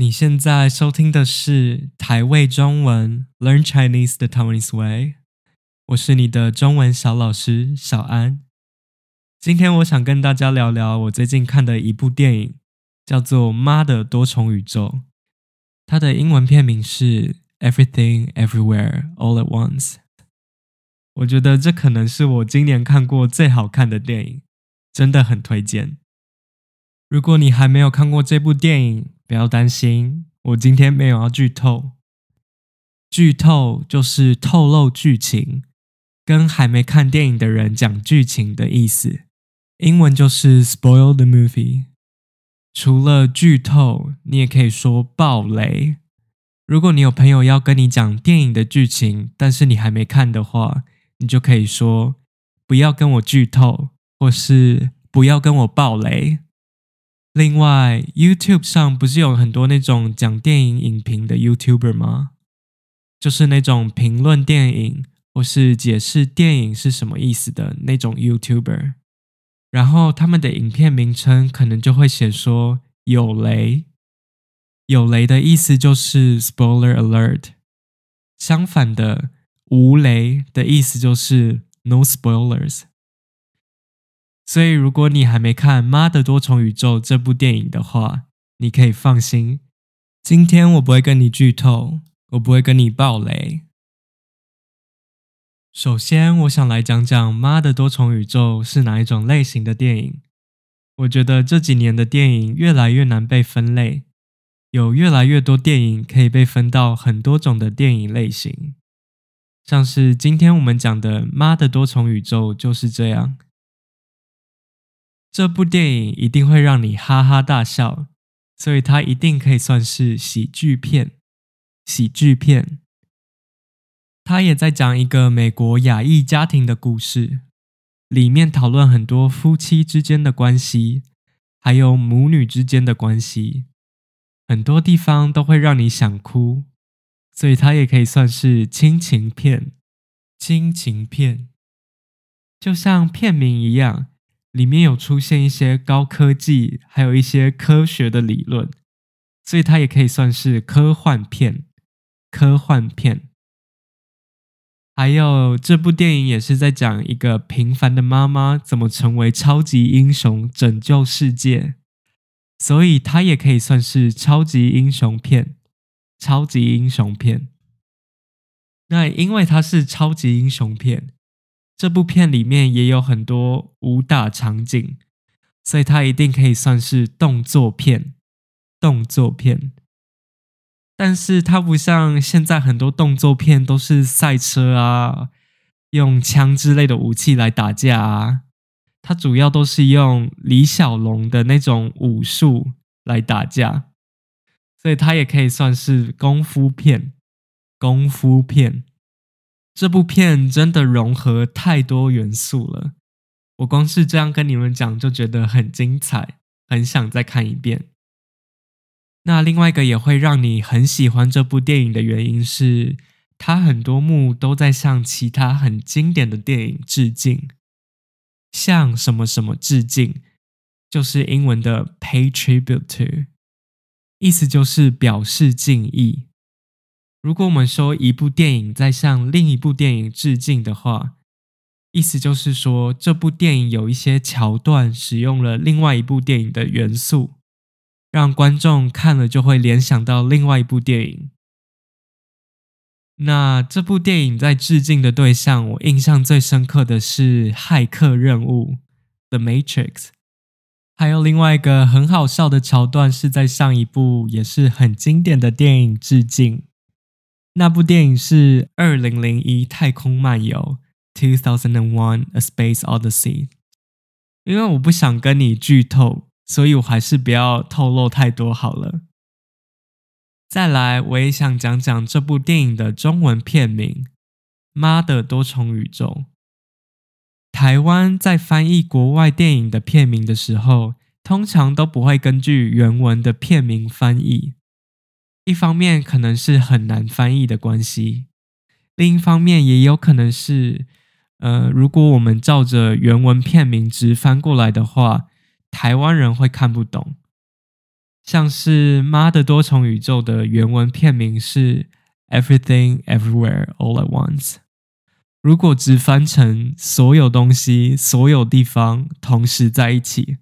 你現在收聽的是台味中文 Learn Chinese the Taiwanese Way，我是你的中文小老師小安。今天我想跟大家聊聊我最近看的一部電影，叫做《媽的多重宇宙》，它的英文片名是 Everything Everywhere All at Once。我覺得這可能是我今年看過最好看的電影，真的很推薦。如果你還沒有看過這部電影，不要擔心，我今天沒有要劇透。劇透就是透露劇情，跟還沒看電影的人講劇情的意思。英文就是 spoil the movie。除了劇透，你也可以說爆雷。如果你有朋友要跟你講電影的劇情，但是你還沒看的話，你就可以說不要跟我劇透，或是不要跟我爆雷。另外，YouTube 上不是有很多那種講電影影評的 YouTuber 嗎？就是那種評論電影，或是解釋電影是什麼意思的那種 YouTuber。然後他們的影片名稱可能就會寫說“有雷”，“有雷”的意思就是 Spoiler Alert；相反的，“無雷”的意思就是 No Spoilers。所以，如果你還沒看《媽的多重宇宙》這部電影的話，你可以放心，今天我不會跟你劇透，我不會跟你爆雷。首先，我想來講講《媽的多重宇宙》是哪一種類型的電影。我覺得這幾年的電影越來越難被分類，有越來越多電影可以被分到很多種的電影類型，像是今天我們講的《媽的多重宇宙》就是這樣。這部電影一定會讓你哈哈大笑，所以它一定可以算是喜劇片，喜劇片。它也在講一個美國亞裔家庭的故事，裡面討論很多夫妻之間的關係，還有母女之間的關係。很多地方都會讓你想哭，所以它也可以算是親情片，親情片。就像片名一樣。裡面有出現一些高科技，還有一些科學的理論，所以它也可以算是科幻片。科幻片，還有這部電影也是在講一個平凡的媽媽怎麼成為超級英雄拯救世界，所以它也可以算是超級英雄片。超級英雄片，那因為它是超級英雄片。這部片裡面也有很多武打場景，所以它一定可以算是動作片。動作片，但是它不像現在很多動作片都是賽車啊，用槍之類的武器來打架啊，它主要都是用李小龍的那種武術來打架，所以它也可以算是功夫片。功夫片。這部片真的融合太多元素了，我光是這樣跟你們講就覺得很精彩，很想再看一遍。那另外一個也會讓你很喜歡這部電影的原因是，它很多幕都在向其他很經典的電影致敬。向什麼什麼致敬，就是英文的 pay tribute to，意思就是表示敬意。如果我們說一部電影在向另一部電影致敬的話，意思就是說這部電影有一些橋段使用了另外一部電影的元素，讓觀眾看了就會聯想到另外一部電影。那這部電影在致敬的對象，我印象最深刻的是《駭客任務》（The Matrix），還有另外一個很好笑的橋段是在向一部也是很經典的電影致敬。那部電影是二零零一《太空漫遊》（Two Thousand and One: A Space Odyssey），因為我不想跟你劇透，所以我還是不要透露太多好了。再來，我也想講講這部電影的中文片名《媽的多重宇宙》。台灣在翻譯國外電影的片名的時候，通常都不會根據原文的片名翻譯。一方面可能是很難翻譯的關係，另一方面也有可能是，呃，如果我們照着原文片名直翻過來的話，台灣人會看不懂。像是《媽的多重宇宙》的原文片名是《Everything Everywhere All at Once》，如果只翻成“所有東西、所有地方同時在一起”，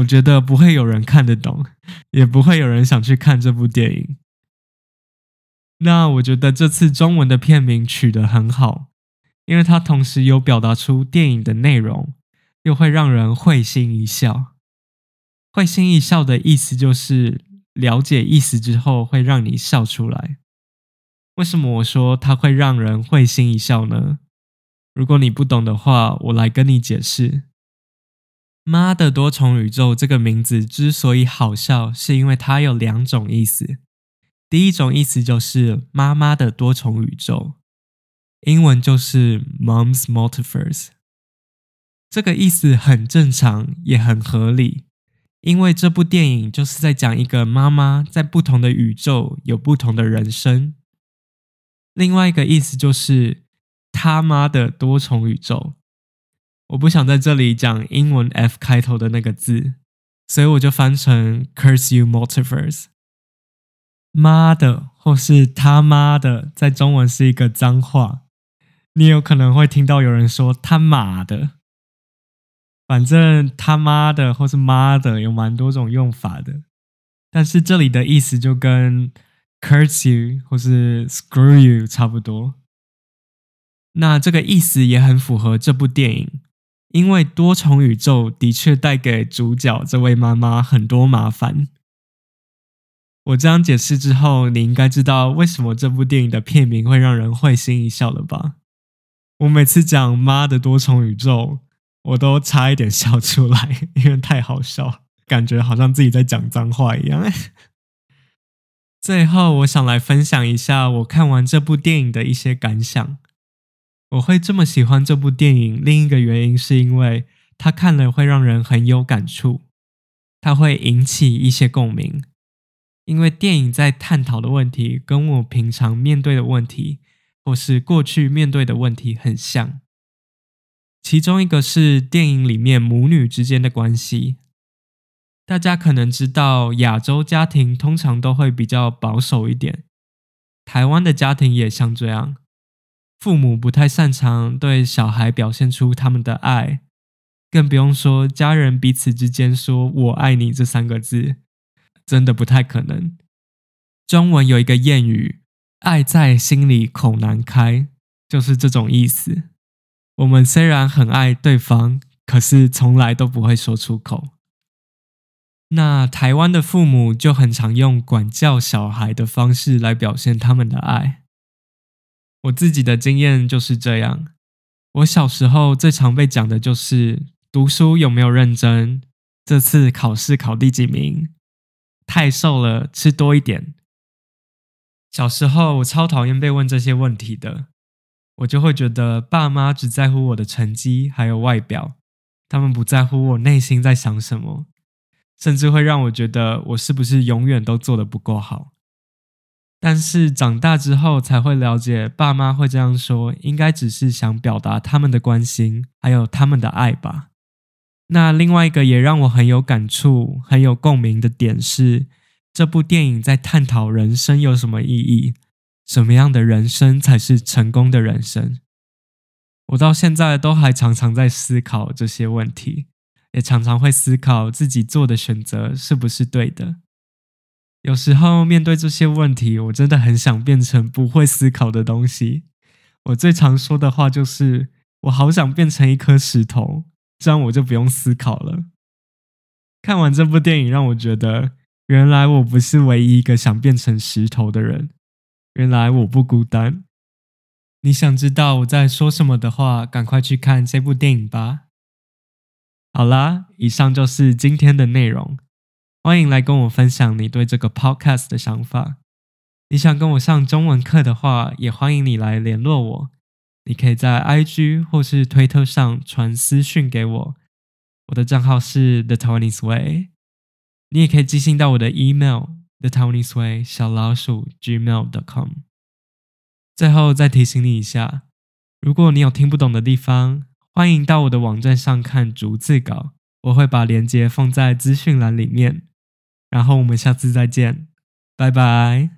我覺得不會有人看得懂，也不會有人想去看這部電影。那我覺得這次中文的片名取得很好，因為它同時有表達出電影的內容，又會讓人會心一笑。會心一笑的意思就是了解意思之後會讓你笑出來。為什麼我說它會讓人會心一笑呢？如果你不懂的話，我來跟你解釋。媽的多重宇宙這個名字之所以好笑，是因為它有兩種意思。第一種意思就是媽媽的多重宇宙，英文就是 Mom's Multiverse。這個意思很正常，也很合理，因為這部電影就是在講一個媽媽在不同的宇宙有不同的人生。另外一個意思就是他媽的多重宇宙，我不想在這裡講英文 F 開頭的那個字，所以我就翻成 Curse You Multiverse。媽的，或是他媽的，在中文是一個髒話。你有可能會聽到有人說他媽的。反正他媽的或是媽的有蠻多種用法的，但是這裡的意思就跟 curse you 或是 screw you 差不多。那這個意思也很符合這部電影，因為多重宇宙的確帶給主角這位媽媽很多麻煩。我這樣解釋之後，你應該知道為什麼這部電影的片名會讓人會心一笑了吧？我每次講“媽的多重宇宙”，我都差一點笑出來，因為太好笑，感覺好像自己在講髒話一樣。最後，我想來分享一下我看完這部電影的一些感想。我會這麼喜歡這部電影，另一個原因是因為它看了會讓人很有感觸，它會引起一些共鳴。因為電影在探討的問題跟我平常面對的問題，或是過去面對的問題很像。其中一個是電影裡面母女之間的關係。大家可能知道，亞洲家庭通常都會比較保守一點，台灣的家庭也像這樣，父母不太擅長對小孩表現出他們的愛，更不用說家人彼此之間說“我愛你”這三個字。真的不太可能。中文有一個諺語：“愛在心裡，口難開”，就是這種意思。我們雖然很愛對方，可是從來都不會說出口。那台灣的父母就很常用管教小孩的方式來表現他們的愛。我自己的經驗就是這樣。我小時候最常被講的就是讀書有沒有認真，這次考試考第幾名。太瘦了，吃多一點。小時候我超討厭被問這些問題的，我就會覺得爸媽只在乎我的成績還有外表，他們不在乎我內心在想什麼，甚至會讓我覺得我是不是永遠都做得不夠好。但是長大之後才會了解，爸媽會這樣說，應該只是想表達他們的關心還有他們的愛吧。那另外一個也讓我很有感觸、很有共鳴的點是，這部電影在探討人生有什麼意義，什麼樣的人生才是成功的人生？我到現在都還常常在思考這些問題，也常常會思考自己做的選擇是不是對的。有時候面對這些問題，我真的很想變成不會思考的東西。我最常說的話就是：“我好想變成一顆石頭。”這樣我就不用思考了。看完這部電影讓我覺得，原來我不是唯一一個想變成石頭的人，原來我不孤單。你想知道我在說什麼的話，趕快去看這部電影吧。好啦，以上就是今天的內容。歡迎來跟我分享你對這個 Podcast 的想法。你想跟我上中文課的話，也歡迎你來聯絡我。你可以在 IG 或是推特上傳私訊給我，我的賬號是 The Taiwanese Way。你也可以寄信到我的 email，the Taiwanese Way 小老鼠 gmail.com。最後再提醒你一下，如果你有聽不懂的地方，歡迎到我的網站上看逐字稿，我會把鏈接放在資訊欄裡面。然後我們下次再見，拜拜。